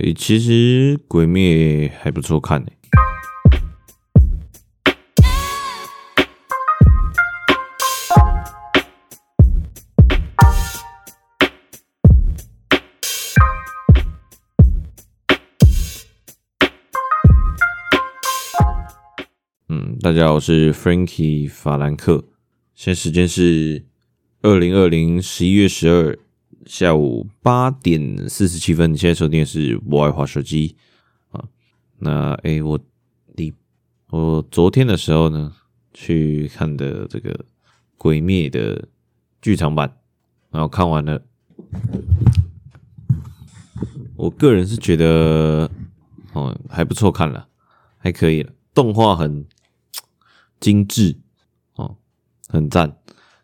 誒、欸，其實《鬼滅》還不錯看呢、欸。嗯，大家好，我是 Frankie 法蘭克，現在時間是二零二零十一月十二。下午八點四十七分，現在收聽的是我愛滑手機啊。那哎、欸，我你我昨天的時候呢，去看的這個《鬼滅》的劇場版，然後看完了。我個人是覺得哦還不錯，看了還可以了，動畫很精致哦，很讚。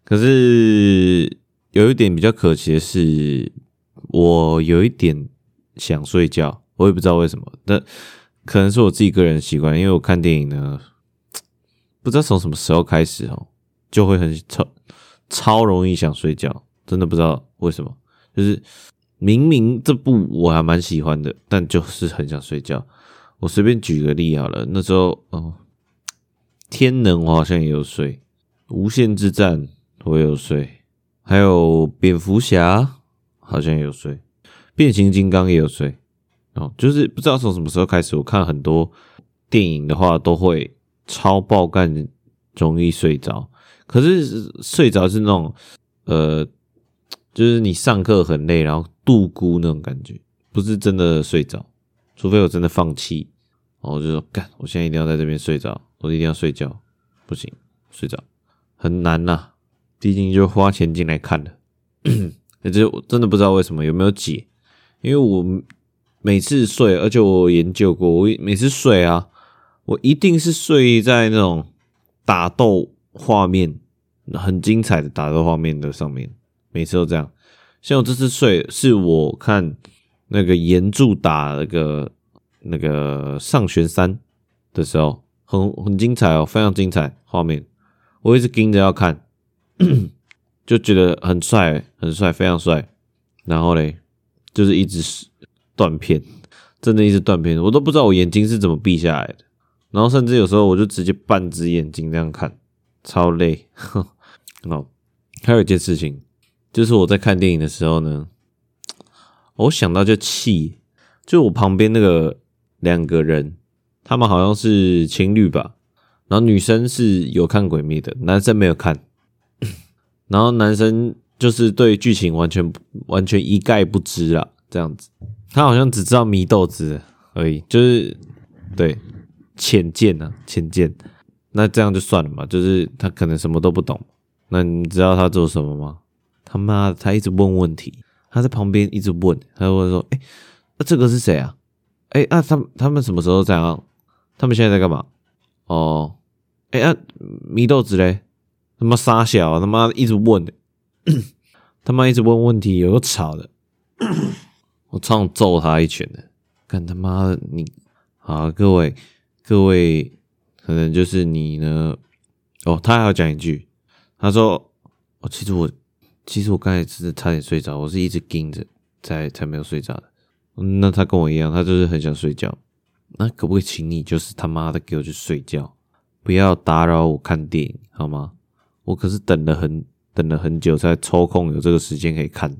可是。有一點比較可惜的是，我有一點想睡覺，我也不知道為什麼，但可能是我自己個人習慣，因為我看電影呢，不知道從什麼時候開始哦、喔，就會很超超容易想睡覺，真的不知道為什麼，就是明明這部我還蠻喜歡的，但就是很想睡覺。我隨便舉個例好了，那時候哦，天能我好像也有睡，《無限之戰》我有睡。還有蝙蝠俠好像也有睡，變形金剛也有睡哦，就是不知道從什麼時候開始，我看很多電影的話都會超爆肝，容易睡着。可是睡着是那種呃，就是你上課很累，然後度孤那種感覺，不是真的睡着。除非我真的放棄，然後我就說幹，我現在一定要在這邊睡着，我一定要睡覺，不行，睡着很難吶、啊。畢竟就花錢進來看的，這 我真的不知道為什麼，有沒有解。因為我每次睡，而且我研究過，我每次睡啊，我一定是睡在那種打鬥畫面很精彩的打鬥畫面的上面，每次都這樣。像我這次睡，是我看那個岩柱打那個那個上弦三的時候，很很精彩哦、喔，非常精彩畫面，我一直盯着要看。 就覺得很帥，很帥，非常帥。然後嘞，就是一直是斷片，真的一直斷片，我都不知道我眼睛是怎麼閉下來的。然後甚至有時候我就直接半隻眼睛這樣看，超累。哼。 然後還有一件事情，就是我在看電影的時候呢，我想到就氣，就我旁邊那個兩個人，他們好像是情侶吧，然後女生是有看《鬼滅》的，男生沒有看。然後男生就是對劇情完全完全一概不知啦，這樣子，他好像只知道禰豆子而已，就是對淺見啊淺見，那這樣就算了嘛，就是他可能什麼都不懂，那你知道他做什麼嗎？他媽的，他一直問問題，他在旁邊一直問，他問說，哎，那、啊、這個是誰啊？哎，那、啊、他們他們什麼時候在啊，他們現在在幹嘛？哦，哎啊，禰豆子嘞？他媽傻小、啊，他媽一直問， 他媽一直問問題，有吵的， 我唱揍他一拳的。看他媽的你，好，各位各位，可能就是你呢。哦，他還要講一句，他說，我、哦、其實我其實我剛才是差點睡着，我是一直盯着才才沒有睡着的。那他跟我一樣，他就是很想睡覺。那可不可以請你就是他媽的給我去睡覺，不要打擾我看電影好嗎？我可是等了很等了很久，才抽空有這個時間可以看，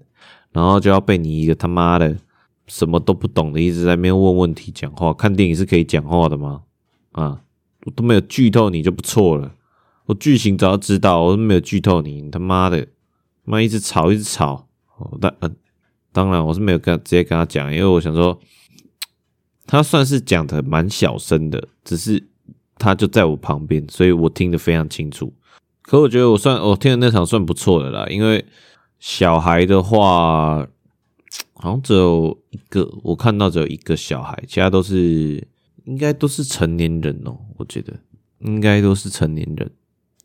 然後就要被你一個他媽的什麼都不懂的一直在那邊問問題、講話。看電影是可以講話的嗎？啊，我都沒有劇透你就不錯了。我劇情早就知道，我都沒有劇透你，你他媽的，媽一直吵一直吵。哦、但嗯、呃，當然我是沒有跟直接跟他講，因為我想說，他算是講的蠻小聲的，只是他就在我旁邊，所以我聽得非常清楚。可我覺得我算我聽的那場算不錯的啦，因為小孩的話好像只有一個，我看到只有一個小孩，其他都是應該都是成年人哦。我覺得應該都是成年人，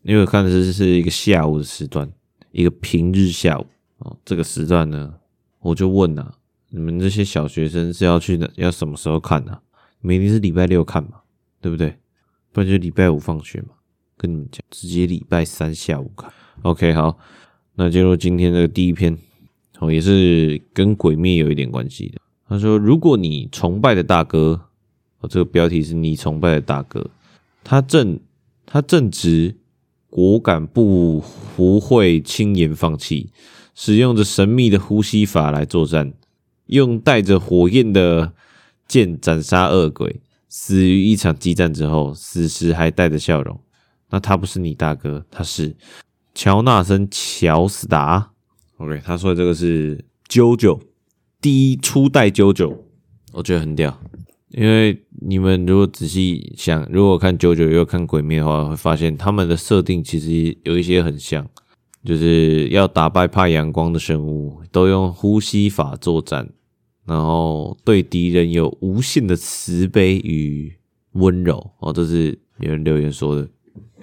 因為我看的是是一個下午的時段，一個平日下午哦。這個時段呢，我就問啊，你們這些小學生是要去哪要什麼時候看呢、啊？明天是禮拜六看嘛，對不對？不然就禮拜五放學嘛。跟你們講，直接禮拜三下午看。OK，好，那進入今天這個第一篇，哦，也是跟鬼滅有一點關係的。他說：“如果你崇拜的大哥，哦，這個標題是你崇拜的大哥，他正他正直，果敢不，不不會輕言放棄，使用着神秘的呼吸法來作戰，用帶着火焰的劍斬殺惡鬼，死於一場激戰之後，死時還帶着笑容。”那他不是你大哥，他是喬納森·喬斯達。OK，他說的這個是 JoJo 第一初代 JoJo，我覺得很屌。因為你們如果仔細想，如果看 JoJo 又看鬼滅的話，會發現他們的設定其實有一些很像，就是要打敗怕陽光的生物，都用呼吸法作戰，然後對敵人有無限的慈悲與溫柔。哦，這是有人留言說的。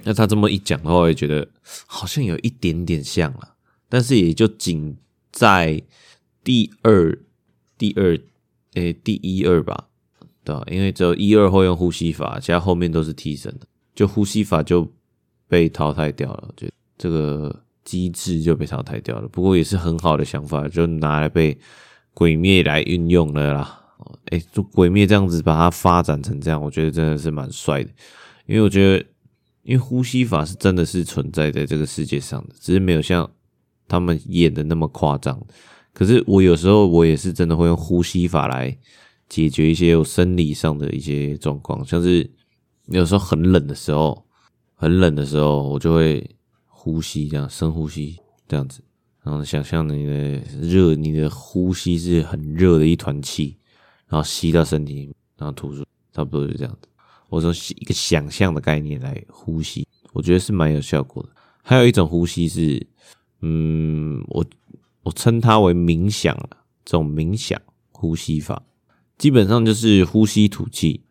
那他這麼一講的話，我也覺得好像有一點點像了，但是也就僅在第二、第二，誒、欸，第一二吧，對吧、啊？因為只有一二會用呼吸法，其他後面都是替身，就呼吸法就被淘汰掉了，就這個機制就被淘汰掉了。不過也是很好的想法，就拿來被鬼滅來運用了啦。哎、欸，就鬼滅這樣子把它發展成這樣，我覺得真的是蠻帥的，因為我覺得。因為呼吸法是真的是存在在這個世界上的，只是沒有像他們演的那麼誇張。可是我有時候我也是真的會用呼吸法來解決一些我生理上的一些狀況，像是有時候很冷的時候，很冷的時候我就會呼吸這樣深呼吸這樣子，然後想象你的熱，你的呼吸是很熱的一團氣，然後吸到身體裡面，然後吐出，差不多就這樣子。我從一個想象的概念來呼吸，我覺得是蠻有效果的。還有一種呼吸是，嗯，我我稱它為冥想了。這種冥想呼吸法，基本上就是呼吸吐氣。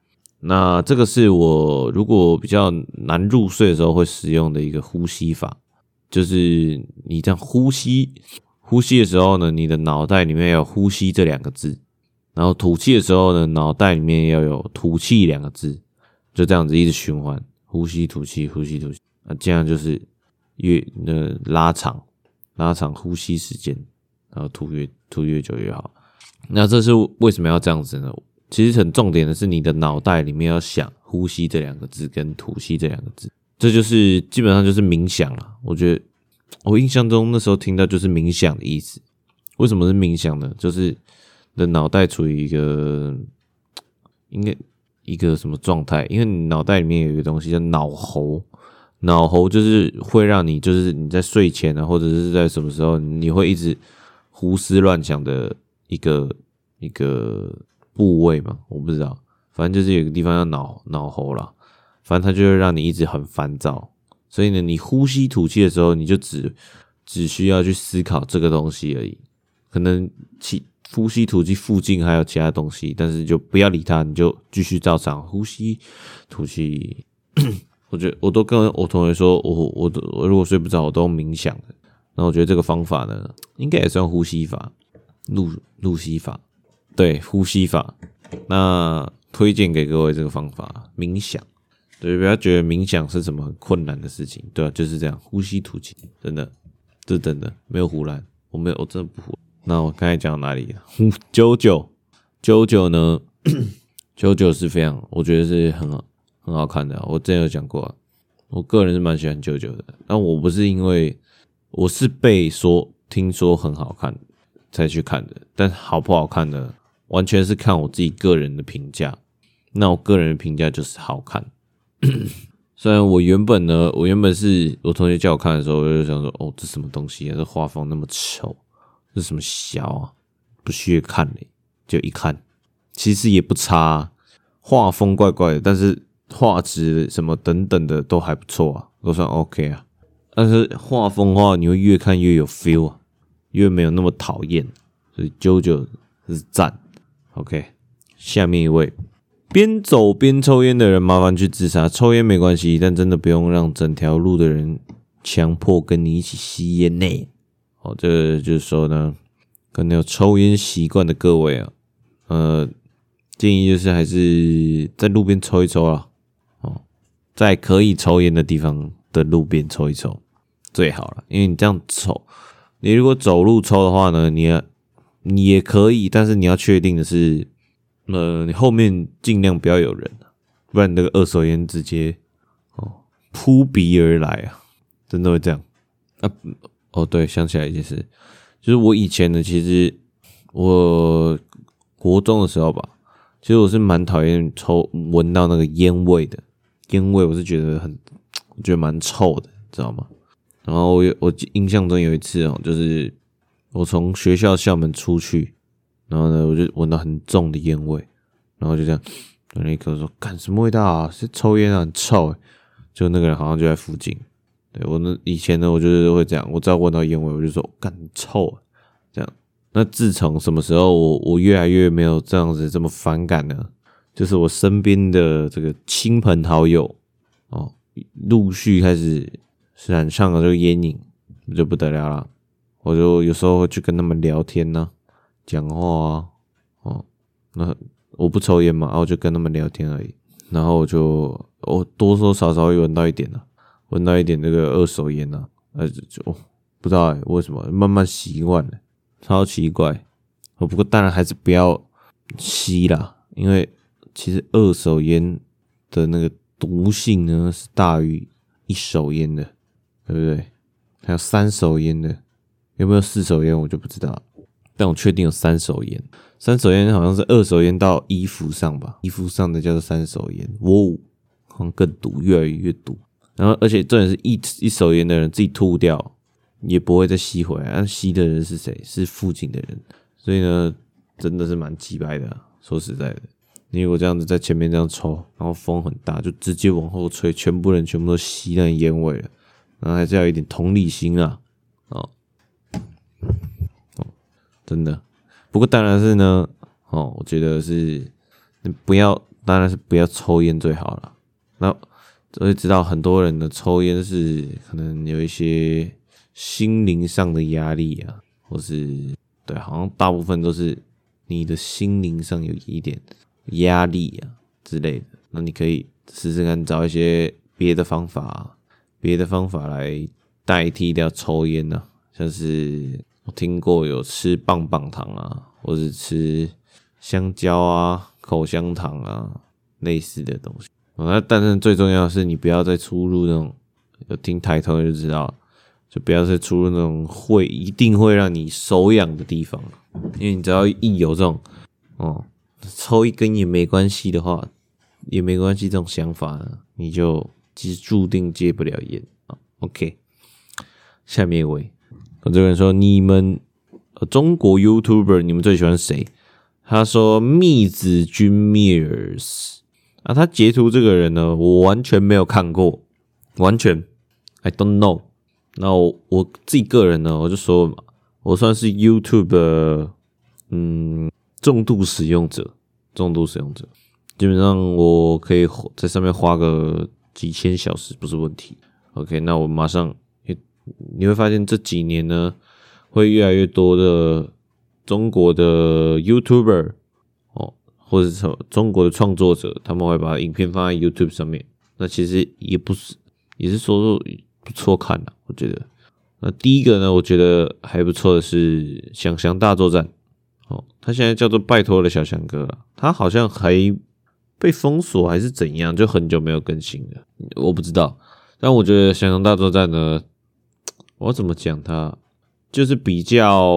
那這個是我如果比較難入睡的時候會使用的一個呼吸法，就是你這樣呼吸，呼吸的時候呢，你的腦袋裡面要呼吸這兩個字，然後吐氣的時候呢，腦袋裡面要有吐氣兩個字。就這樣子一直循環，呼吸吐氣，呼吸吐氣，那這樣就是越那拉長拉長呼吸時間，然後吐越吐越久越好。那這是為什麼要這樣子呢？其實很重點的是你的腦袋裡面要想“呼吸”這兩個字跟“吐息”這兩個字，這就是基本上就是冥想了。我覺得我印象中那時候聽到就是冥想的意思。為什麼是冥想呢？就是你的腦袋處於一個應該。一個什麼狀態？因為你腦袋裡面有一個東西叫腦喉，腦喉就是會讓你，就是你在睡前啊，或者是在什麼時候，你會一直胡思亂想的一個一個部位嘛？我不知道，反正就是有一個地方叫腦腦喉啦，反正它就會讓你一直很煩躁。所以呢，你呼吸吐氣的時候，你就只只需要去思考這個東西而已，可能氣。呼吸吐氣附近還有其他東西，但是就不要理它，你就繼續照常呼吸吐氣。我覺得我都跟我同學說，我我都我如果睡不着，我都用冥想。那我覺得這個方法呢，應該也算呼吸法，路路西法對呼吸法。那推薦給各位這個方法，冥想。對，不要覺得冥想是什麼很困難的事情，對吧？就是這樣，呼吸吐氣，真的，這真的沒有胡來，我沒有，我真的不胡。那我剛才講到哪裡？九九九九呢呵呵？九九是非常，我覺得是很好很好看的啊。我之前有講過啊，我個人是蠻喜歡九九的。但我不是因為我是被說聽說很好看才去看的，但好不好看呢？完全是看我自己個人的評價。那我個人的評價就是好看，呵呵。雖然我原本呢，我原本是我同學叫我看的時候，我就想說，哦，這什麼東西啊？這畫風那麼醜。這什麼小啊？不屑看嘞，就一看，其實也不差啊，畫風怪怪的，但是畫質什麼等等的都還不錯啊，都算 OK 啊。但是畫風的話，你會越看越有 feel 啊，越沒有那麼討厭，所以啾啾是讚，OK。下面一位邊走邊抽菸的人，麻煩去自殺。抽菸沒關係，但真的不用讓整條路的人強迫跟你一起吸菸嘞。哦，這個、就是說呢，可能有抽菸習慣的各位啊，呃，建議就是還是在路邊抽一抽啦、啊，哦，在可以抽菸的地方的路邊抽一抽最好了，因為你這樣抽，你如果走路抽的話呢，你、啊、你也可以，但是你要確定的是，呃，你後面儘量不要有人、啊，不然那個二手菸直接哦撲鼻而來啊，真的會這樣啊。哦，對，想起來一件事，就是我以前呢，其實我國中的時候吧，其實我是蠻討厭抽聞到那個菸味的，菸味我是覺得很，我覺得蠻臭的，知道嗎？然後我有，我印象中有一次哦，就是我從學校校門出去，然後呢，我就聞到很重的菸味，然後就這樣，那一刻說：“幹什麼味道啊？是抽菸啊，很臭欸。”就那個人好像就在附近。我那以前呢，我就是會這樣，我只要聞到菸味，我就說幹、哦、臭，這樣。那自從什麼時候我，我我越來越沒有這樣子這麼反感呢？就是我身邊的這個親朋好友哦，陸續開始染上了這個菸癮，就不得了了。我就有時候會去跟他們聊天呢、啊，講話啊，哦，那我不抽菸嘛、啊，我就跟他們聊天而已，然後我就我、哦、多多少少會聞到一點了、啊。聞到一點那個二手煙啊，呃、哎，就、哦、不知道誒、欸、為什麼，慢慢習慣了，超奇怪。哦，不過當然還是不要吸啦，因為其實二手煙的那個毒性呢是大於一手煙的，對不對？還有三手煙的，有沒有四手煙我就不知道，但我確定有三手煙。三手煙好像是二手煙到衣服上吧，衣服上的叫做三手煙。哇、哦，好像更毒，越來越毒。然後，而且這種是一一手菸的人自己吐掉，也不會再吸回來、啊。但吸的人是誰？是附近的人，所以呢，真的是蠻雞掰的、啊。說實在的，你如果這樣子在前面這樣抽，然後風很大，就直接往後吹，全部人全部都吸那個菸味了。然後還是要有一點同理心啊，哦，哦，真的。不過當然是呢，哦，我覺得是，你不要，當然是不要抽菸最好了。那。我會知道很多人的抽煙是可能有一些心靈上的壓力啊，或是，對，好像大部分都是你的心靈上有一點壓力啊之類的。那你可以試試看找一些別的方法，別的方法來代替掉抽煙呢、啊，像是我聽過有吃棒棒糖啊，或者吃香蕉啊、口香糖啊類似的東西。啊，但是最重要的是，你不要再出入那種，有聽抬頭就知道了，就不要再出入那種會一定會讓你手癢的地方了，因為你只要一有這種，哦，抽一根也沒關係的話，也沒關係這種想法，你就其實注定戒不了煙啊、哦。OK，下面一位，我這邊說，你們、呃、中國 YouTuber 你們最喜歡誰？他說密子君 Mirrors 啊，他截圖這個人呢，我完全沒有看過，完全，I don't know。那我我自己個人呢，我就說，我算是 YouTube 的，嗯，重度使用者，重度使用者，基本上我可以在上面花個幾千小時不是問題。OK，那我馬上你你會發現這幾年呢，會越來越多的中國的 YouTuber。或者是中國的創作者，他們會把影片放在 YouTube 上面。那其實也不是，也是說說不錯看的啊，我覺得。那第一個呢，我覺得還不錯的是《想象大作戰》。哦，他現在叫做“拜托了，小翔哥”了。他好像還被封鎖還是怎樣，就很久沒有更新了，我不知道。但我覺得《想象大作戰》呢，我怎麼講它，就是比較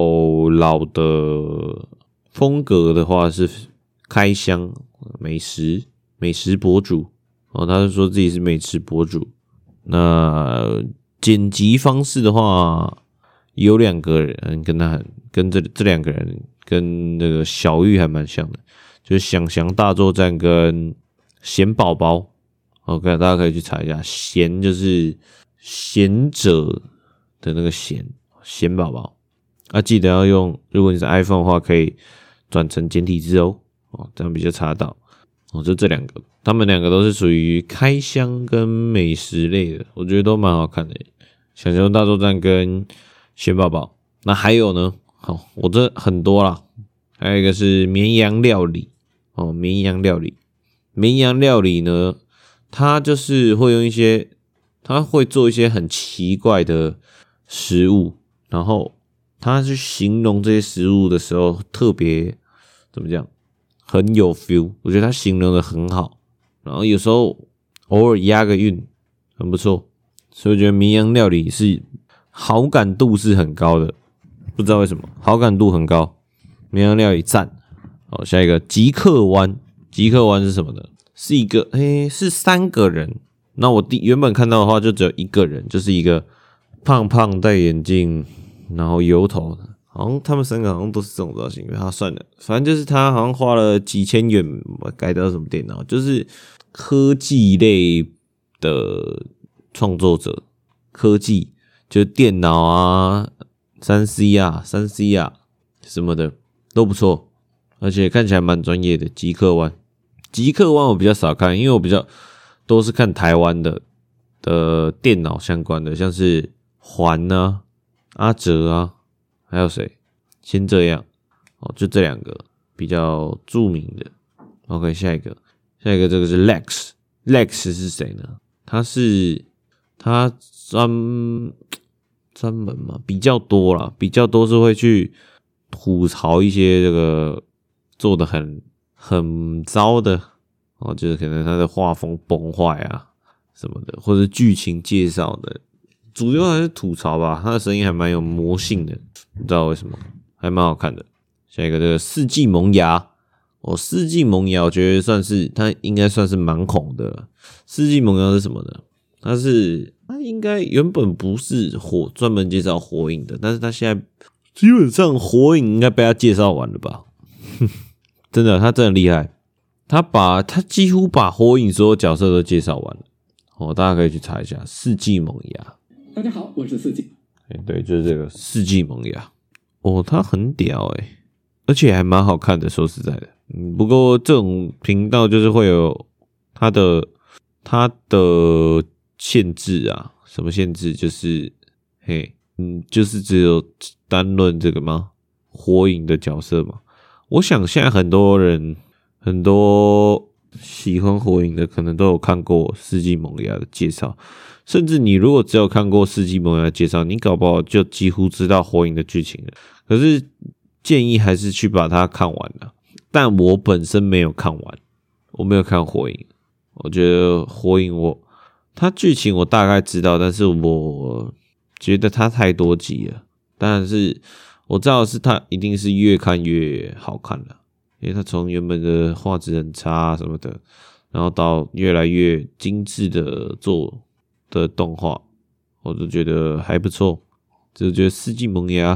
老的風格的話是。開箱美食，美食博主哦，他是說自己是美食博主。那剪輯方式的話，有兩個人跟他很跟這這兩個人跟那個小玉還蠻像的，就是“翔翔大作戰”跟“賢寶寶”。哦，OK，大家可以去查一下，“賢”就是賢者的那個“賢”，“賢寶寶”。啊，記得要用，如果你是 iPhone 的話，可以轉成簡體字哦。哦，這樣比較查得到。哦，就這兩個，他們兩個都是屬於開箱跟美食類的，我覺得都蠻好看的，《小熊大作戰》跟《熊寶寶》。那還有呢？好，哦，我這很多啦。還有一個是綿羊料理。哦，綿羊料理，綿羊料理呢，它就是會用一些，他會做一些很奇怪的食物，然後他去形容這些食物的時候特，特別怎麼講？很有 feel，我覺得他形容的很好，然後有時候偶爾押個韻，很不錯，所以我覺得綿羊料理是好感度是很高的，不知道為什麼好感度很高，綿羊料理讚。好，下一個極客灣，極客灣是什麼呢？是一個，嘿、欸，是三個人。那我第原本看到的話就只有一個人，就是一個胖胖戴眼鏡，然後油頭。好像他們三個好像都是這種造型，因為他算了，反正就是他好像花了幾千元改得到什麼電腦，就是科技類的創作者，科技就是電腦啊、三 C 啊、三 C 啊什麼的都不錯，而且看起來蠻專業的。極客灣，極客灣我比較少看，因為我比較都是看台灣的的電腦相關的，像是環啊、阿哲啊。還有誰？先這樣哦，就這兩個比較著名的。OK，下一個，下一個這個是 Lex，Lex 是誰呢？他是他專專門嘛，比較多啦，比較多是會去吐槽一些這個做得很很糟的哦，就是可能他的畫風崩壞啊什麼的，或者劇情介紹的。主要還是吐槽吧，他的聲音還蠻有魔性的，你知道為什麼？還蠻好看的。下一個，這個四季萌芽，哦，四季萌芽，我覺得算是他應該算是蠻恐的。四季萌芽是什麼呢？他是他應該原本不是火專門介紹火影的，但是他現在基本上火影應該被他介紹完了吧？ 真的，他真的厲害，他把他幾乎把火影所有角色都介紹完了。哦，大家可以去查一下四季萌芽。大家好，我是四季。哎，對，就是這個《四季萌芽》哦，他很屌哎、欸，而且還蠻好看的。說實在的，嗯，不過這種頻道就是會有他的他的限制啊，什麼限制？就是，嘿，嗯，就是只有單論這個嗎？火影的角色嘛，我想現在很多人很多喜歡火影的，可能都有看過《四季萌芽》的介紹。甚至你如果只有看過《四季萌芽》的介紹，你搞不好就幾乎知道《火影》的劇情了。可是建議還是去把它看完了。但我本身沒有看完，我沒有看《火影》。我覺得《火影》我，它劇情我大概知道，但是我覺得它太多集了。但是我知道的是它一定是越看越好看了，因為它從原本的畫質很差什麼的，然後到越來越精緻的做。的動畫，我都覺得還不錯。就覺得《四季萌芽》，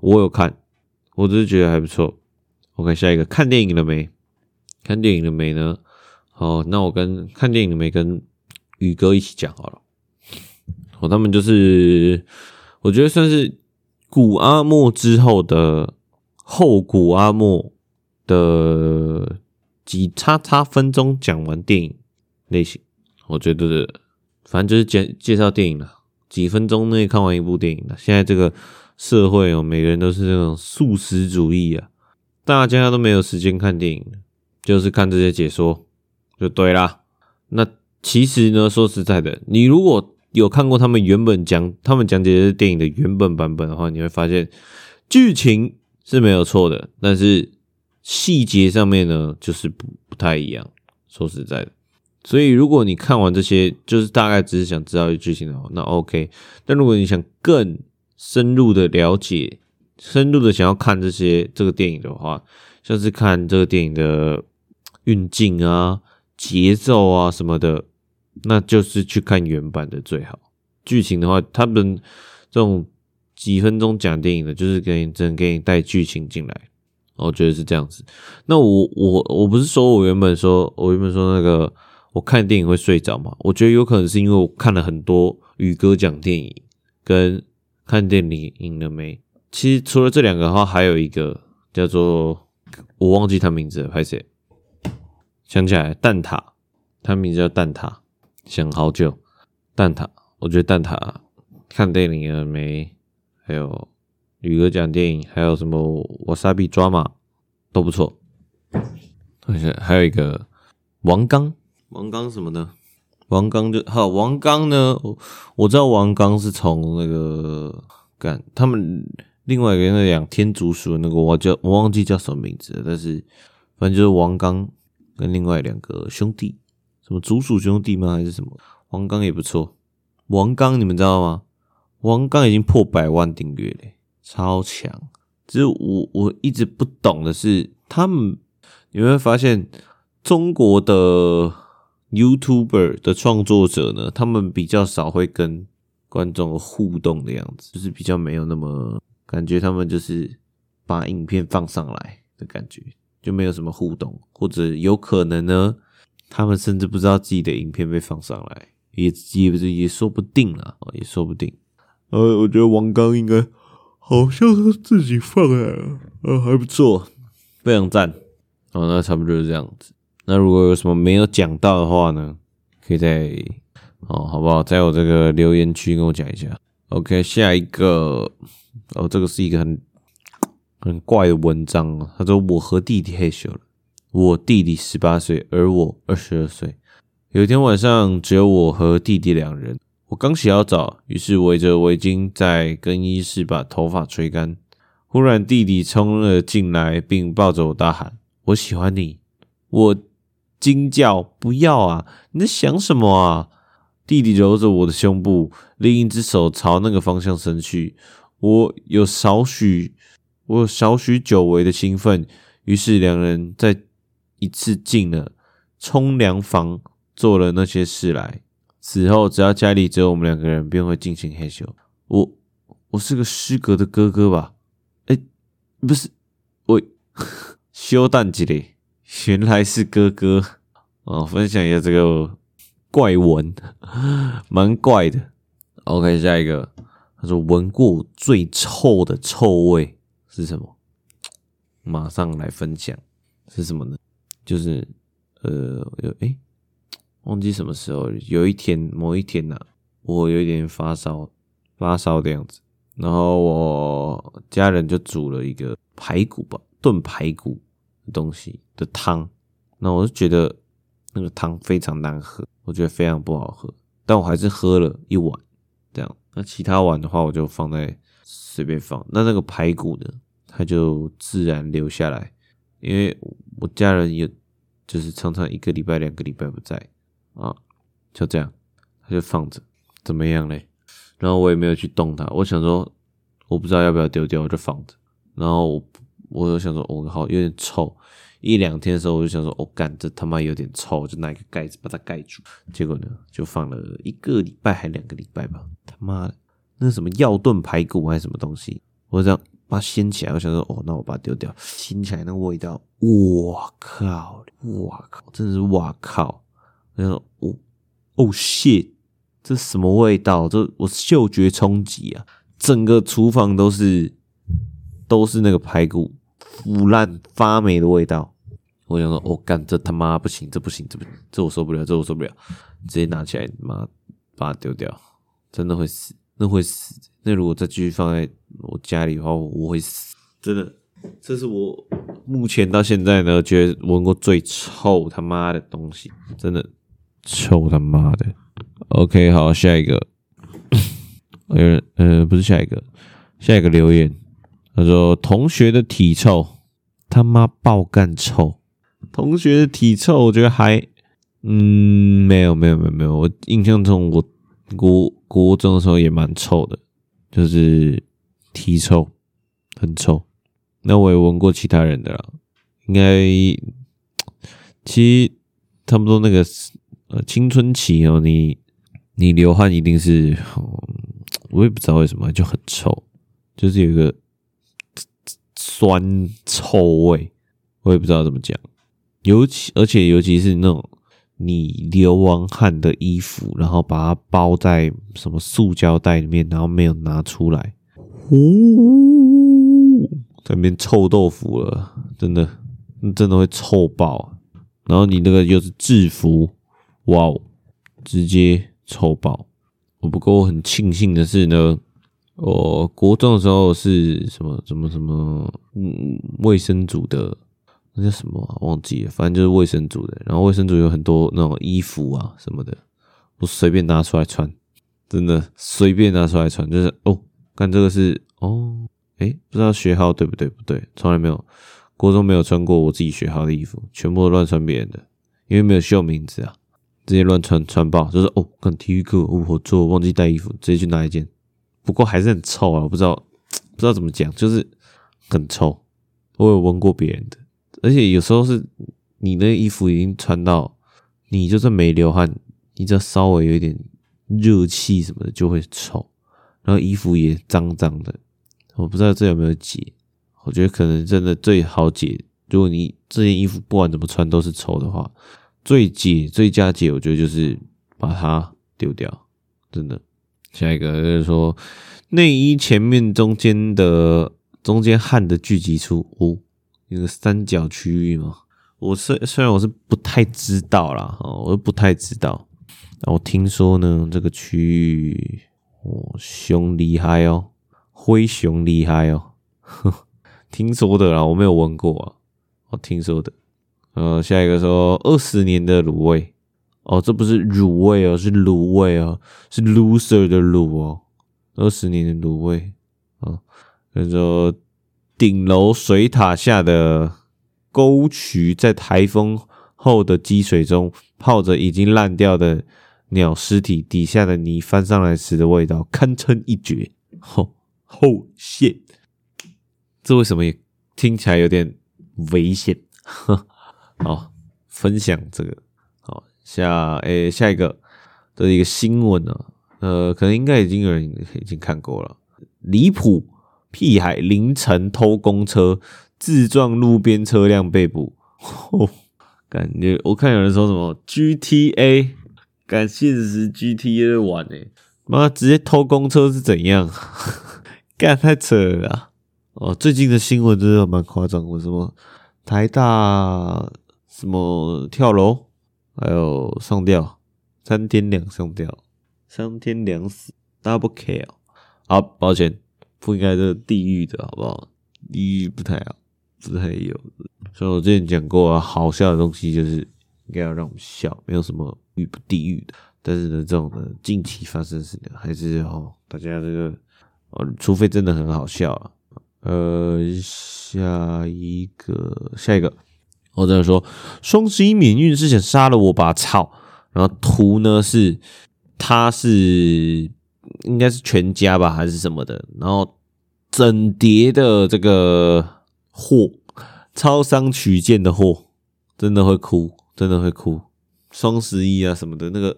我有看，我只是覺得還不錯。OK，下一個看電影了沒？看電影了沒呢？好，那我跟看電影了沒跟宇哥一起講好了。好，他們就是，我覺得算是古阿莫之後的後古阿莫的幾叉叉分鐘講完電影類型，我覺得。反正就是介介紹電影了，幾分鐘內看完一部電影了，現在這個社會哦、喔，每個人都是這種速食主義啊，大家都沒有時間看電影，就是看這些解說就對啦。那其實呢，說實在的，你如果有看過他們原本講他們講解的電影的原本版本的話，你會發現劇情是沒有錯的，但是細節上面呢，就是不不太一樣。說實在的。所以，如果你看完這些，就是大概只是想知道一些劇情的話，那 OK。但如果你想更深入的了解，深入的想要看這些這個電影的話，像是看這個電影的運鏡啊、節奏啊什麼的，那就是去看原版的最好。劇情的話，他們這種幾分鐘講電影的，就是給你真的給你帶劇情進來，我覺得是這樣子。那我我我不是說我原本說，我原本說那個。我看電影會睡着嗎？我覺得有可能是因為我看了很多宇哥講電影跟看電影贏了沒？其實除了這兩個的話，還有一個叫做我忘記他名字了，拍誰？想起來蛋塔，他名字叫蛋塔，想好久蛋塔。我覺得蛋塔看電影贏了沒？還有宇哥講電影，還有什麼哇薩比抓馬都不錯。而且還有一個王剛。王剛什麼呢？王剛就好，王剛呢？我我知道王剛是從那個幹他們另外一個那兩天竹鼠那個我叫我忘記叫什麼名字了，但是反正就是王剛跟另外兩個兄弟，什麼竹鼠兄弟嗎？還是什麼？王剛也不錯。王剛，你們知道嗎？王剛已經破百萬訂閱了、欸，超強！只是我我一直不懂的是，他們你會發現中國的？YouTuber 的創作者呢，他們比較少會跟觀眾互動的樣子，就是比較沒有那麼感覺，他們就是把影片放上來的感覺，就沒有什麼互動，或者有可能呢，他們甚至不知道自己的影片被放上來，也也不是也說不定啦，也說不定。呃、啊，我覺得王剛應該好像是自己放的，呃、啊，還不錯，非常讚。好、啊，那差不多就是這樣子。那如果有什麼沒有講到的話呢？可以在哦，好不好？在我這個留言區跟我講一下。OK，下一個哦，這個是一個很很怪的文章啊，他說：“我和弟弟嘿咻了。我弟弟十八歲，而我二十二歲。有一天晚上，只有我和弟弟兩人。我剛洗好澡，於是圍着圍巾在更衣室把頭髮吹乾。忽然，弟弟衝了進來，並抱着我大喊：‘我喜歡你！’我。”驚叫！不要啊！你在想什麼啊？弟弟揉着我的胸部，另一隻手朝那個方向伸去。我有少許，我有少許久違的興奮。於是兩人再一次進了沖涼房，做了那些事來。此後，只要家裡只有我們兩個人，便會進行嘿咻。我，我是個失格的哥哥吧？誒、欸、不是，喂，修蛋幾勒。原來是哥哥啊！分享一下這個怪聞，蠻怪的。OK，下一個，他說聞過最臭的臭味是什麼？馬上來分享，是什麼呢？就是呃，有哎、欸，忘記什麼時候，有一天某一天吶、啊，我有一點發燒，發燒的樣子，然後我家人就煮了一個排骨吧，燉排骨。東西的湯，那我就覺得那個湯非常難喝，我覺得非常不好喝，但我還是喝了一碗這樣。那其他碗的話，我就放在隨便放。那那個排骨呢，它就自然留下來，因為我家人也就是常常一個禮拜、兩個禮拜不在啊，就這樣，它就放着，怎麼樣嘞？然後我也沒有去動它，我想說我不知道要不要丟掉，我就放着。然後我。我就想說，我、哦、好有點臭。一兩天的時候，我就想說，我、哦、幹這他媽有點臭，就拿一個蓋子把它蓋住。結果呢，就放了一個禮拜還兩個禮拜吧。他媽的，那什麼藥燉排骨還是什麼東西，我這樣把它掀起來，我想說，哦，那我把它丟掉。掀起來那個味道，我靠，靠，靠，我靠，真的是我靠！我想說我，哦謝，哦 shit，這什麼味道？這我嗅覺衝擊啊！整個廚房都是，都是那個排骨。腐爛發霉的味道，我想說，我、哦、幹這他媽不行，這不行，這不行，這我受不了，這我受不了，直接拿起來，媽把它丟掉，真的會死，那會死，那如果再繼續放在我家裡的話，我會死，真的。這是我目前到現在呢，覺得聞過最臭他媽的東西，真的臭他媽的。OK，好，下一個， 呃，不是下一個，下一個留言。他說：“同學的體臭，他媽爆乾臭。同學的體臭，我覺得還……嗯，沒有，沒有，沒有，沒有。我印象中，我國國中的時候也蠻臭的，就是體臭很臭。那我也聞過其他人的啦，應該其實差不多。那個呃，青春期喔，你你流汗一定是……我也不知道為什麼就很臭，就是有一個。”酸臭味，我也不知道怎麼講。尤其，而且尤其是那種你流完汗的衣服，然後把它包在什麼塑膠袋裡面，然後沒有拿出來，嗚，在那邊臭豆腐了，真的，真的會臭爆。然後你那個又是制服，哇哦，直接臭爆。不過我很慶幸的是呢，我、哦，國中的時候是什麼什麼什麼，嗯，衛生組的，那叫什麼、啊？忘記了，反正就是衛生組的。然後衛生組有很多那種衣服啊什麼的，我隨便拿出來穿，真的隨便拿出來穿，就是哦，看這個是哦，哎、欸，不知道學號對不對？不對，從來沒有，國中沒有穿過我自己學號的衣服，全部都亂穿別人的，因為沒有秀名字啊，直接亂穿穿爆，就是哦，看體育課我我做，忘記帶衣服，直接去拿一件。不過還是很臭啊，我不知道不知道怎麼講，就是很臭。我有聞過別人的，而且有時候是你那個衣服已經穿到你就算沒流汗，你只要稍微有一點熱氣什麼的就會臭，然後衣服也髒脏的。我不知道這有沒有解，我覺得可能真的最好解。如果你這件衣服不管怎麼穿都是臭的話，最解最佳解，我覺得就是把它丟掉，真的。下一個就是說，內衣前面中間的中間汗的聚集處，哦，那個三角區域嘛，我雖雖然我是不太知道啦，哦，我不太知道、啊，我聽說呢，這個區域，哦，熊厲害哦，灰熊厲害哦呵，聽說的啦，我沒有聞過啊，我、哦、聽說的，嗯、呃，下一個說二十年的滷味。哦，這不是滷味哦，是滷味哦，是 loser 的滷哦。二十年的滷味啊，他、哦、着頂樓水塔下的溝渠，在台風後的積水中泡着已經爛掉的鳥屍體，底下的泥翻上來時的味道，堪稱一絕。哦吼，後現，這為什麼也聽起來有點危險？呵，好，分享這個。下誒、欸，下一個的一個新聞呢、啊，呃，可能應該已經有人已經看過了。離譜，屁孩凌晨偷公車，自撞路邊車輛被捕。哦、感覺我看有人說什麼 GTA，感現實 GTA 玩呢、欸？媽，直接偷公車是怎樣？ 幹太扯了啦！哦，最近的新聞真的蠻誇張，什麼台大什麼跳樓。還有上吊，三天兩上吊，三天兩死，double kill。啊，抱歉，不應該叫地獄的好不好？地獄不太好，不太有的，所以我之前講過啊，好笑的東西就是應該要讓我們笑，沒有什麼地獄不地獄的。但是呢，這種呢近期發生事呢，還是哈、哦，大家這個，呃，除非真的很好笑啊。呃，下一個，下一個。我或者說雙十一免運是想殺了我吧？操！然後圖呢是他是應該是全家吧還是什麼的？然後整疊的這個貨，超商取件的貨，真的會哭，真的會哭！雙十一啊什麼的那個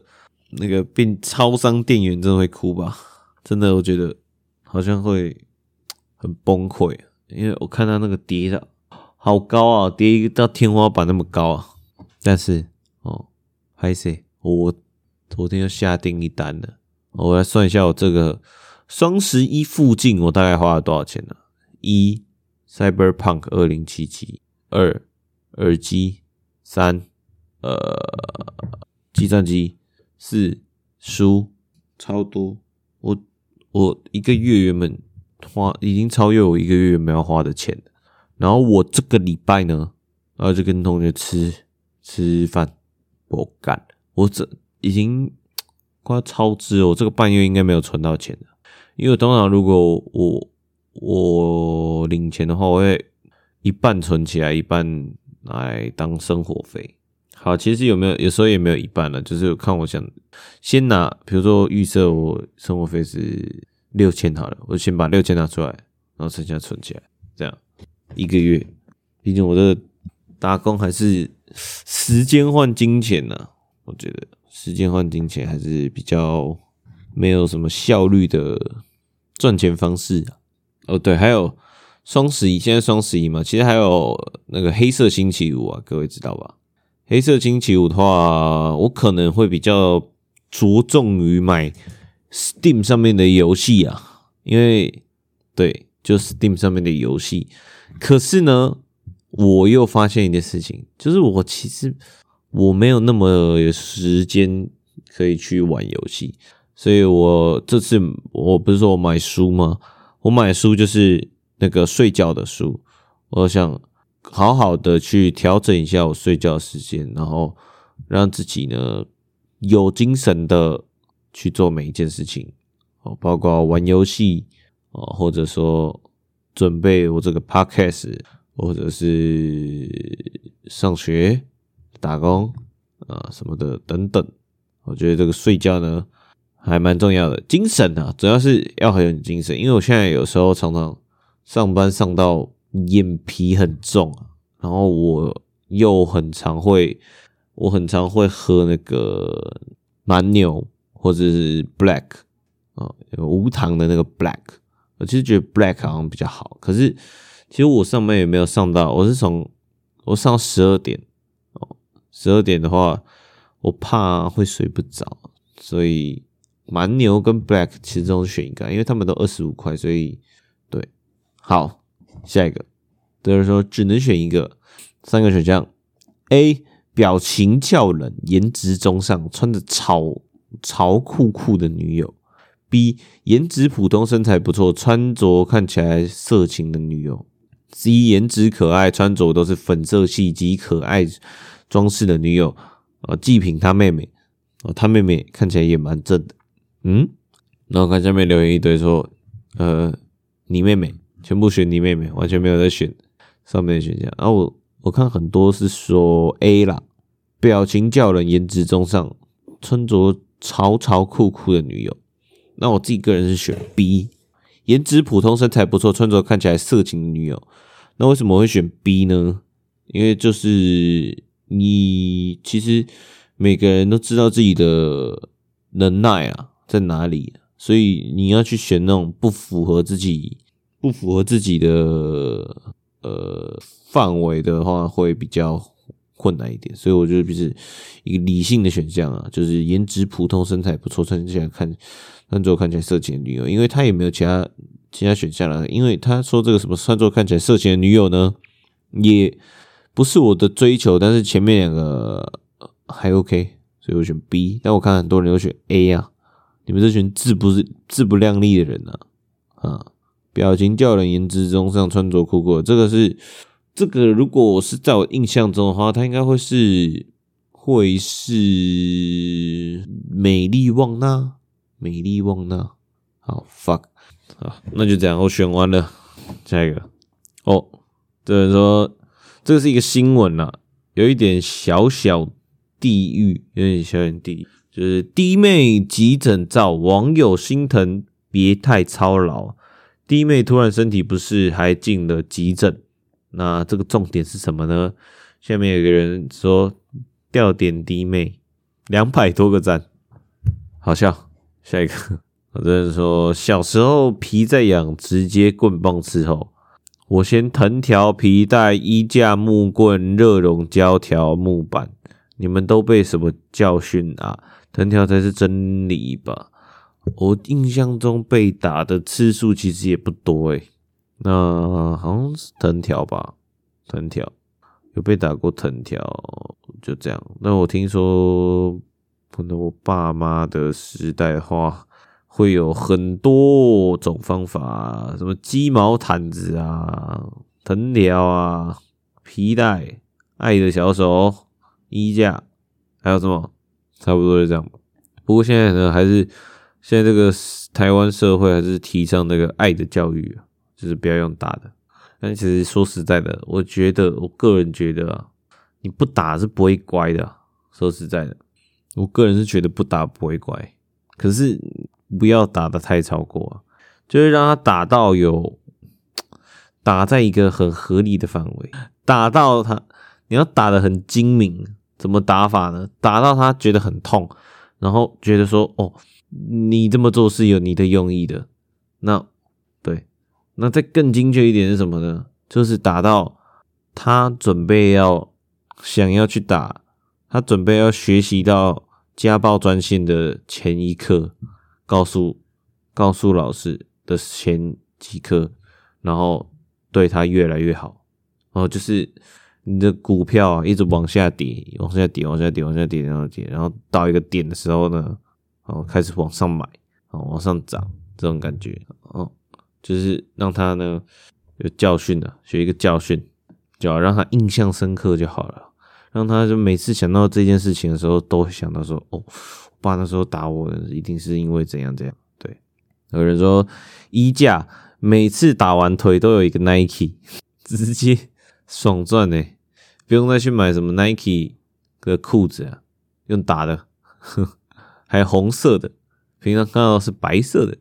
那個變超商店員真的會哭吧？真的我覺得好像會很崩潰，因為我看到那個疊的。好高啊，疊一個到天花板那麼高啊！但是哦，還行，我昨天又下訂一單了。我來算一下，我這個雙十一附近我大概花了多少錢呢、啊？一 Cyberpunk 二零七七，二耳機，三呃計算機，四書，超多。我我一個月原本花已經超越我一個月原本要花的錢了。然後我這個禮拜呢，然後就跟同學吃吃飯，我幹我，我這已經快超支哦。我這個半月應該沒有存到錢，因為我通常，如果我我領錢的話，我會一半存起來，一半來當生活費。好，其實有沒有有時候也沒有一半了，就是看我想先拿，比如說，預設我生活費是六千好了，我先把六千拿出來，然後剩下存起來，這樣。一個月，畢竟我的打工還是時間換金錢呢、啊。我覺得時間換金錢還是比較沒有什麼效率的賺錢方式、啊。哦，對，還有雙十一，現在雙十一嘛，其實還有那個黑色星期五啊，各位知道吧？黑色星期五的話，我可能會比較着重於買 Steam 上面的遊戲啊，因為對，就 Steam 上面的遊戲。可是呢，我又發現一件事情，就是我其實我沒有那麼有時間可以去玩遊戲，所以我這次我不是說我買書嗎？我買書就是那個睡覺的書，我想好好的去調整一下我睡覺的時間，然後讓自己呢有精神的去做每一件事情，哦，包括玩遊戲，哦，或者說。準備我這個 podcast，或者是上學、打工啊什麼的等等，我覺得這個睡覺呢還蠻重要的，精神啊，主要是要很有精神。因為我現在有時候常常常上班上到眼皮很重啊，然後我又很常會，我很常會喝那個蠻牛或者是 black 啊，無糖的那個 black。我其實覺得 black 好像比較好，可是其實我上班也沒有上到，我是從我上到十二點哦，十二點的話我怕會睡不着，所以蠻牛跟 black 其中選一個，因為他們都二十五塊，所以對，好，下一個，就是說只能選一個，三個選項，A 表情較冷，顏值中上，穿着潮潮酷酷的女友。B 顏值普通，身材不錯，穿着看起來色情的女友；C 顏值可愛，穿着都是粉色系及可愛裝飾的女友。呃、啊，祭品他妹妹，哦、啊，他妹妹看起來也蠻正的。嗯，然後看下面留言一堆說，呃，你妹妹全部選你妹妹，完全沒有在選上面選項。啊，我我看很多是說 A 啦，表情叫人，顏值中上，穿着潮潮酷酷的女友。那我自己個人是選 B，顏值普通，身材不錯，穿着看起來色情的女友。那為什麼會選 B 呢？因為就是你其實每個人都知道自己的能耐啊在哪裡啊。所以你要去選那種不符合自己，不符合自己的呃範圍的話，會比較困難一點。所以我覺得就是一個理性的選項啊，就是顏值普通，身材不錯，穿起來看。穿着看起來色情的女友，因為他也沒有其他其他選項了、啊。因為他說這個什麼穿着看起來色情的女友呢，也不是我的追求，但是前面兩個還 OK，所以我選 B。但我看很多人都選 A 呀、啊，你們這群自不是自不量力的人啊！啊，表情掉人顏值中上，像穿着酷酷，這個是這個。如果我是在我印象中的話，他應該會是會是美麗旺娜。美麗旺那，好 fuck 啊！好，那就這樣，我選完了，下一個哦。Oh, 這人說，這個是一個新聞啊，有一點小小地獄，有一點小點地獄。就是弟妹急診照，網友心疼，別太操勞。弟妹突然身體不適，還進了急診。那這個重點是什麼呢？下面有個人說，掉點弟妹兩百多個贊，好笑。下一個，我真是說，小時候皮在癢，直接棍棒伺候。我先藤條、皮帶、衣架、木棍、熱熔膠條、木板。你們都被什麼教訓啊？藤條才是真理吧？我印象中被打的次數其實也不多哎、欸。那好像是藤條吧？藤條有被打過藤條，就這樣。那我聽說。可能我爸媽的時代的話，會有很多種方法，什麼雞毛撢子啊、藤條啊、皮帶、愛的小手、衣架，還有什麼，差不多就這樣吧。不過現在呢，還是現在這個台灣社會還是提倡那個愛的教育啊，就是不要用打的。但其實說實在的，我覺得我個人覺得啊，你不打是不會乖的。說實在的。我個人是覺得不打不會乖，可是不要打的太超過啊，就是讓他打到有打在一個很合理的範圍，打到他你要打的很精明，怎麼打法呢？打到他覺得很痛，然後覺得說哦，你這麼做是有你的用意的。那對，那再更精確一點是什麼呢？就是打到他準備要想要去打。他準備要學習到家暴專線的前一刻，告訴告訴老師的前幾課，然後對他越來越好，哦，就是你的股票啊，一直往下跌，往下跌，往下跌，往下跌，往下跌，然後跌，然後到一個點的時候呢，哦，開始往上買，哦，往上漲，這種感覺，哦，就是讓他呢有教訓的、啊，學一個教訓，只要讓他印象深刻就好了。讓他就每次想到這件事情的時候，都會想到說：“哦，我爸那時候打我，一定是因為怎樣怎樣。”對，有人說衣架每次打完腿都有一個 Nike，直接爽賺呢、欸，不用再去買什麼 Nike 的褲子啊，用打的呵呵，還紅色的，平常看到是白色的。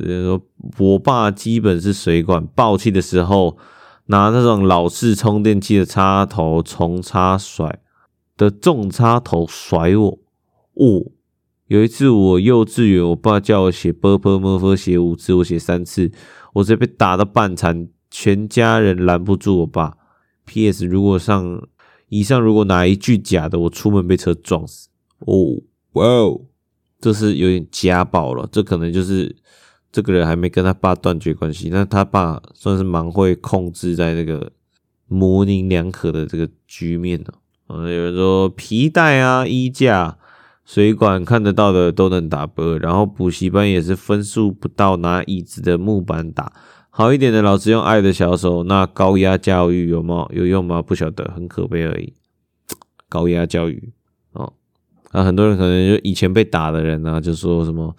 有人說我爸基本是水管爆氣的時候。拿那種老式充電器的插頭，重插甩的重插頭甩我，哦，有一次我幼稚園，我爸叫我寫波波麼麼寫五次，我寫三次，我直接被打到半殘，全家人攔不住我爸。P.S. 如果上以上如果哪一句假的，我出門被車撞死。哦，哇哦，這是有點家暴了，這可能就是。這個人還沒跟他爸斷絕關係，那他爸算是蠻會控制在那個模稜兩可的這個局面。哦、有人說皮帶啊、衣架、水管看得到的都能打啵？然後補習班也是分數不到拿椅子的木板打，好一點的老師用愛的小手，那高壓教育有嗎？有用嗎？不曉得，很可悲而已。高壓教育哦，那、啊、很多人可能就以前被打的人呢、啊，就說什麼。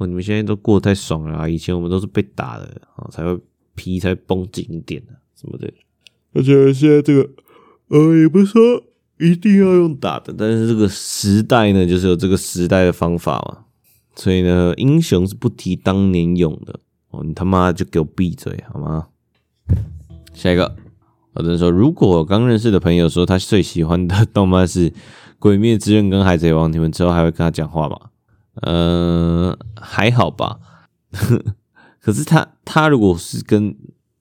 哦、你們現在都過得太爽了啊！以前我們都是被打的啊、哦，才會皮才會繃緊一點的、啊，什麼的。而且現在這個，呃也不是說一定要用打的，但是這個時代呢，就是有這個時代的方法嘛。所以呢，英雄是不提當年勇的。哦，你他媽就給我閉嘴好嗎？下一個，阿珍說：“如果我剛認識的朋友說他最喜歡的動漫是《鬼滅之刃》跟《海賊王》，你們之後還會跟他講話嗎？”嗯、呃，還好吧。 可是他，他如果是跟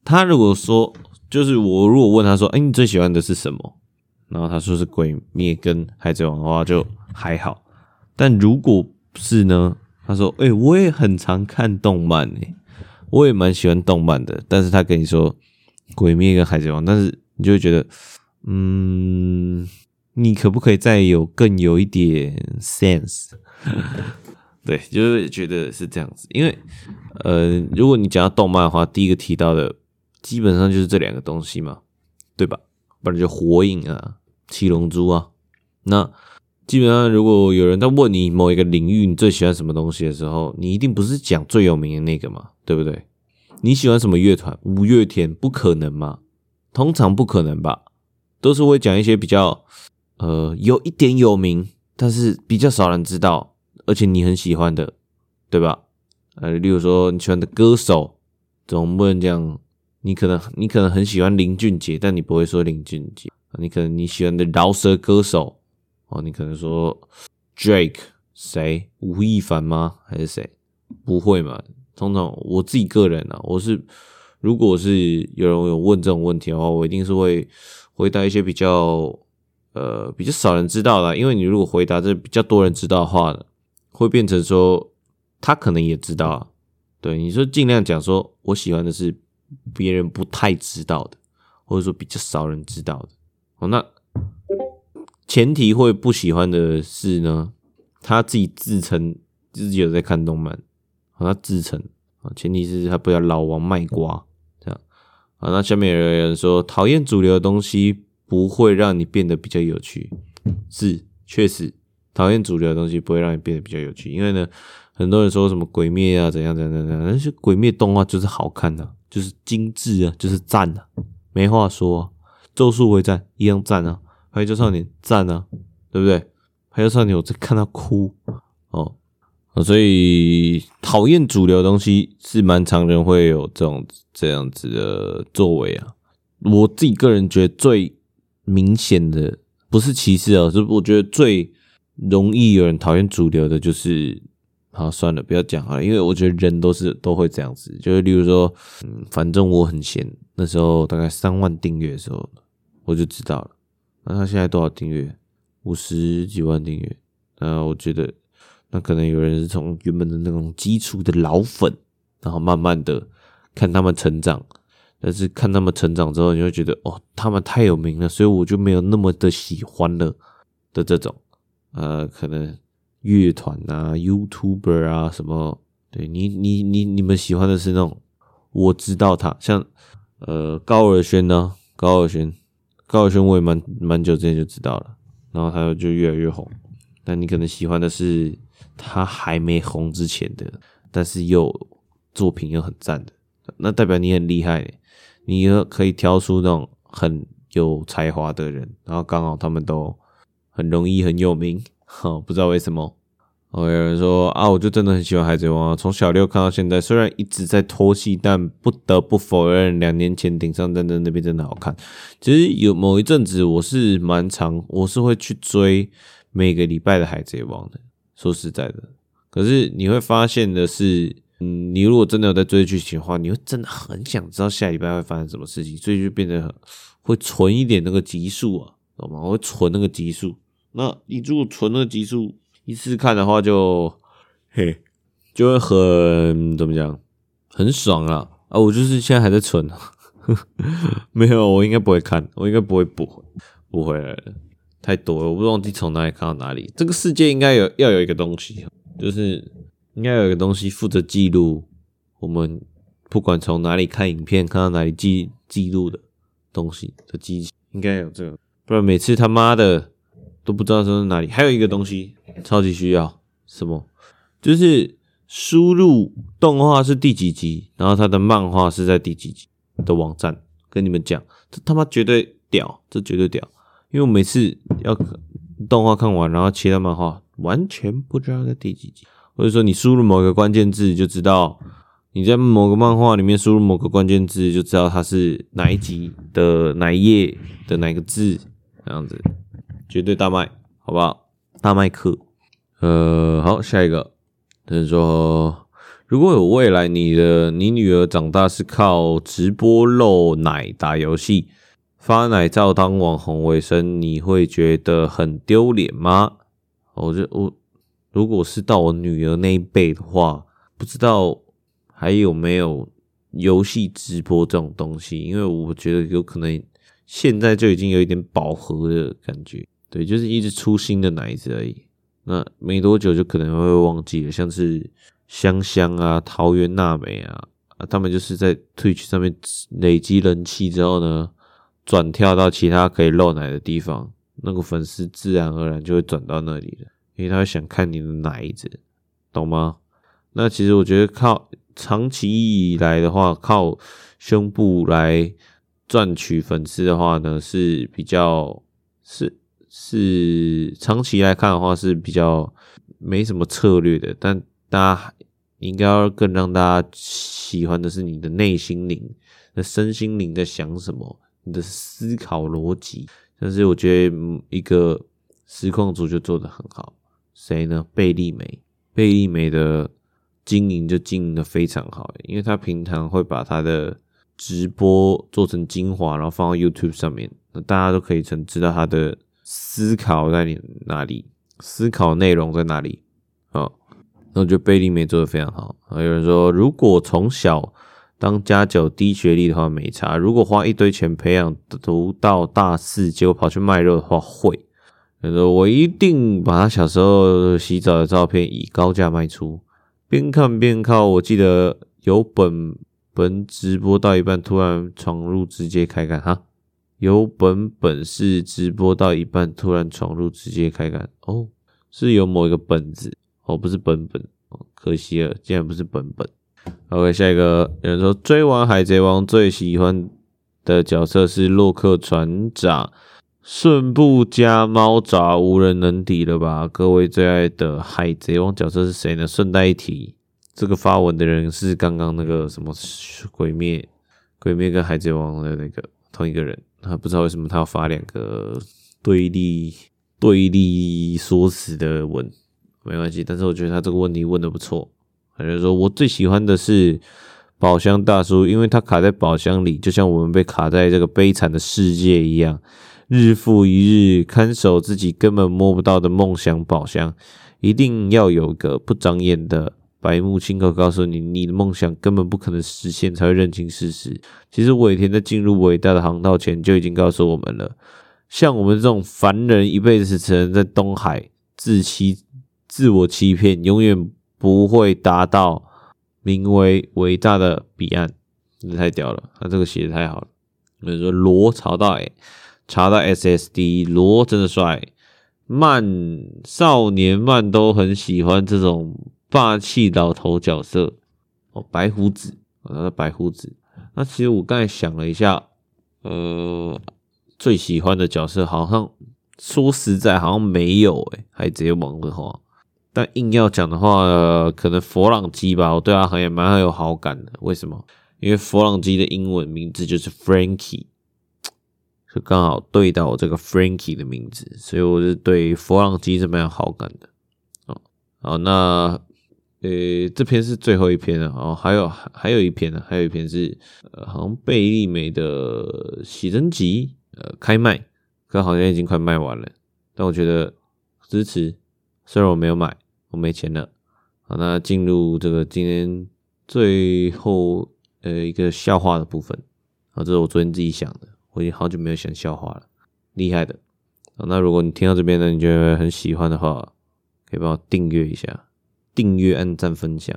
他如果說，就是我如果問他說：“哎、欸，你最喜歡的是什麼？”然後他說是《鬼滅》跟《海賊王》的話，就還好。但如果不是呢？他說：“哎、欸，我也很常看動漫、欸，哎，我也蠻喜歡動漫的。”但是他跟你說《鬼滅》跟《海賊王》，但是你就會覺得，嗯，你可不可以再有更有一點 sense？ 對，就是覺得是這樣子，因為，呃，如果你講到動漫的話，第一個提到的基本上就是這兩個東西嘛，對吧？不然就火影啊、七龍珠啊。那基本上，如果有人在問你某一個領域你最喜歡什麼東西的時候，你一定不是講最有名的那個嘛，對不對？你喜歡什麼樂團？五月天不可能嘛，通常不可能吧，都是會講一些比較，呃，有一點有名，但是比較少人知道。而且你很喜歡的，對吧？呃，例如說你喜歡的歌手，總不能講你可能你可能很喜歡林俊杰，但你不會說林俊杰。你可能你喜歡的饒舌歌手哦，你可能說 Drake 誰？吳亦凡嗎？還是誰？不會嘛？通常我自己個人啊，我是如果是有人有問這種問題的話，我一定是會回答一些比較呃比較少人知道的啊，因為你如果回答這比較多人知道的話呢。會變成說，他可能也知道，啊，對你說盡量講說我喜歡的是別人不太知道的，或者說比較少人知道的。好，那前提會不喜歡的是呢，他自己自稱自己有在看動漫，啊，他自稱啊，前提是他不要老王賣瓜這樣。好，那下面有人有人說討厭主流的東西不會讓你變得比較有趣，是確實。討厭主流的東西不會讓你變得比較有趣，因為呢，很多人說什麼鬼滅啊怎樣怎樣怎樣，那些鬼滅動畫就是好看的、啊，就是精致啊，就是讚啊，沒話說、啊。咒術回戰一樣讚啊，排球少年讚啊，對不對？排球少年我在看他哭哦、啊，所以討厭主流的東西是蠻常人會有這種這樣子的作為啊。我自己個人覺得最明顯的不是歧視啊，是我覺得最。容易有人討厭主流的，就是好算了，不要講好了。因為我覺得人都是都會這樣子，就是例如說，嗯，反正我很閒，那時候大概三萬訂閱的時候，我就知道了。那他現在多少訂閱？五十幾萬訂閱。那我覺得，那可能有人是從原本的那種基礎的老粉，然後慢慢的看他們成長，但是看他們成長之後，你會覺得哦，他們太有名了，所以我就沒有那麼的喜歡了的這種。呃，可能樂團啊、YouTuber 啊什麼，對你、你、你、你們喜歡的是那種我知道他，像呃高爾宣呢，高爾宣，高爾宣我也蠻蠻久之前就知道了，然後他就越來越紅。但你可能喜歡的是他還沒紅之前的，但是又作品又很讚的，那代表你很厲害，你又可以挑出那種很有才華的人，然後剛好他們都。很容易很有名，哈，不知道為什麼。然、okay, 有人說啊，我就真的很喜歡海、啊《海賊王》，從小六看到現在，雖然一直在拖戲，但不得不否認，兩年前頂上戰爭那邊真的好看。其實有某一陣子，我是蠻常，我是會去追每個禮拜的《海賊王》的。說實在的，可是你會發現的是，嗯，你如果真的有在追劇情的話，你會真的很想知道下禮拜會發生什麼事情，所以就變得很會存一點那個集數啊，懂嗎？我會存那個集數。那你如果存了集數一次看的話就，就嘿，就會很怎麼講，很爽啦！啊，我就是現在還在存，呵呵，沒有，我應該不會看，我應該不會補補回來了，太多了，我不知道自己從哪裡看到哪裡。這個世界應該有要有一個東西，就是應該有一個東西負責記錄我們不管從哪裡看影片，看到哪裡記記錄的東西的記憶，應該有這個，不然每次他媽的。都不知道這是哪裡，還有一個東西超級需要。什麼？就是輸入動畫是第幾集，然後它的漫畫是在第幾集的網站跟你們講，這他媽絕對屌，這絕對屌！因為我每次要動畫看完，然後切到漫畫，完全不知道在第幾集，或者說你輸入某個關鍵字就知道，你在某個漫畫裡面輸入某個關鍵字就知道它是哪一集的哪一頁的哪個字，這樣子。絕對大賣，好不好？大麥克，呃，好，下一個。他、就是、說：“如果有未來，你的你女兒長大是靠直播露奶、打遊戲、發奶照當網紅為生，你會覺得很丟臉嗎？”我就我，如果是到我女兒那一輩的話，不知道還有沒有遊戲直播這種東西，因為我覺得有可能現在就已經有一點飽和的感覺。對，就是一直出新的奶子而已。那沒多久就可能會忘記了，像是香香啊、桃園娜美啊，啊，他們就是在 Twitch 上面累積人氣之後呢，轉跳到其他可以露奶的地方，那個粉絲自然而然就會轉到那裡了，因為他會想看你的奶子，懂嗎？那其實我覺得靠長期以來的話，靠胸部來賺取粉絲的話呢，是比較是。是長期來看的話是比較沒什麼策略的，但大家應該要更讓大家喜歡的是你的內心靈、那身心靈在想什麼、你的思考邏輯。但是我覺得一個實況主就做得很好，誰呢？貝利美，貝利美的經營就經營得非常好，因為他平常會把他的直播做成精華，然後放到 YouTube 上面，那大家都可以成知道他的，思考在你哪裡？思考內容在哪裡？啊，那我覺得貝利梅做的非常好。啊，有人說，如果從小當家教低學歷的話沒差，如果花一堆錢培養讀到大四就跑去賣肉的話會。有人說：“我一定把他小時候洗澡的照片以高價賣出。”邊看邊靠。我記得有本本直播到一半，突然闖入，直接開幹哈。有本本是直播到一半，突然闖入，直接開幹哦，oh, 是有某一個本子哦，oh, 不是本本哦，oh, 可惜了，竟然不是本本。OK，下一個有人說，追完海賊王最喜歡的角色是洛克船長，順步加貓爪無人能敵了吧？各位最愛的海賊王角色是誰呢？順帶一提，這個發文的人是剛剛那個什麼鬼滅，鬼滅跟海賊王的那個同一個人。他不知道為什麼他要發兩個對立、對立說辭的文，沒關係。但是我覺得他這個問題問的不錯。反正說我最喜歡的是寶箱大叔，因為他卡在寶箱裡，就像我們被卡在這個悲慘的世界一樣，日復一日看守自己根本摸不到的夢想寶箱。一定要有個不長眼的，白木親口告訴你，你的夢想根本不可能實現，才會認清事實。其實，尾田在進入偉大的航道前就已經告訴我們了，像我們這種凡人，一輩子只能在東海自欺、自我欺騙，永遠不會達到名為偉大的彼岸。真的太屌了！他這個寫得太好了。比如說羅朝到誒、欸，查到 SSD 羅真的帥，漫少年漫都很喜歡這種。霸氣老頭角色哦，白胡子，啊、哦，白胡子。那其實我剛才想了一下，呃，最喜歡的角色好像，說實在，好像沒有誒、欸、還直接忙的話。但硬要講的話，呃、可能佛朗基吧，我對他好像也蠻有好感的。為什麼？因為佛朗基的英文名字就是 Frankie，就剛好對到我這個 Frankie 的名字，所以我是對佛朗基是蠻有好感的。哦好，那。呃、欸，這篇是最後一篇了哦、喔，還有還有一篇呢，還有一篇是呃，好像貝利美的寫真集呃開賣，可好像已經快賣完了。但我覺得支持，雖然我沒有買，我沒錢了。好，那進入這個今天最後呃一個笑話的部分。啊，這是我昨天自己想的，我已經好久沒有想笑話了，厲害的。那如果你聽到這邊呢，你覺得很喜歡的話，可以幫我訂閱一下。訂閱、按讚、分享，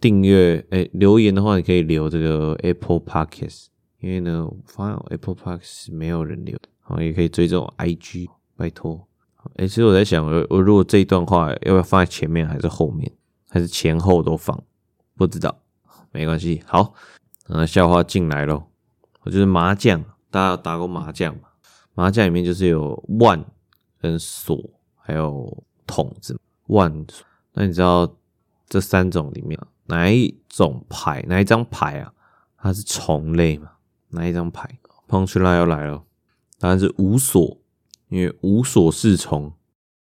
訂閱哎，留言的話，你可以留這個 Apple Podcast 因為呢，發現 Apple Podcast 沒有人留，的，然後也可以追這種 IG，拜托。哎、欸，其實我在想，我我如果這一段話要不要放在前面，還是後面，還是前後都放，不知道，沒關係。好，然後笑話進來咯我就是麻將，大家打過麻將麻將裡面就是有萬跟鎖還有筒子，萬。那你知道這三種裡面，啊、哪一種牌，哪一張牌啊？它是蟲類嘛？哪一張牌？碰出來，又來了，答案是五索，因為五索是蟲。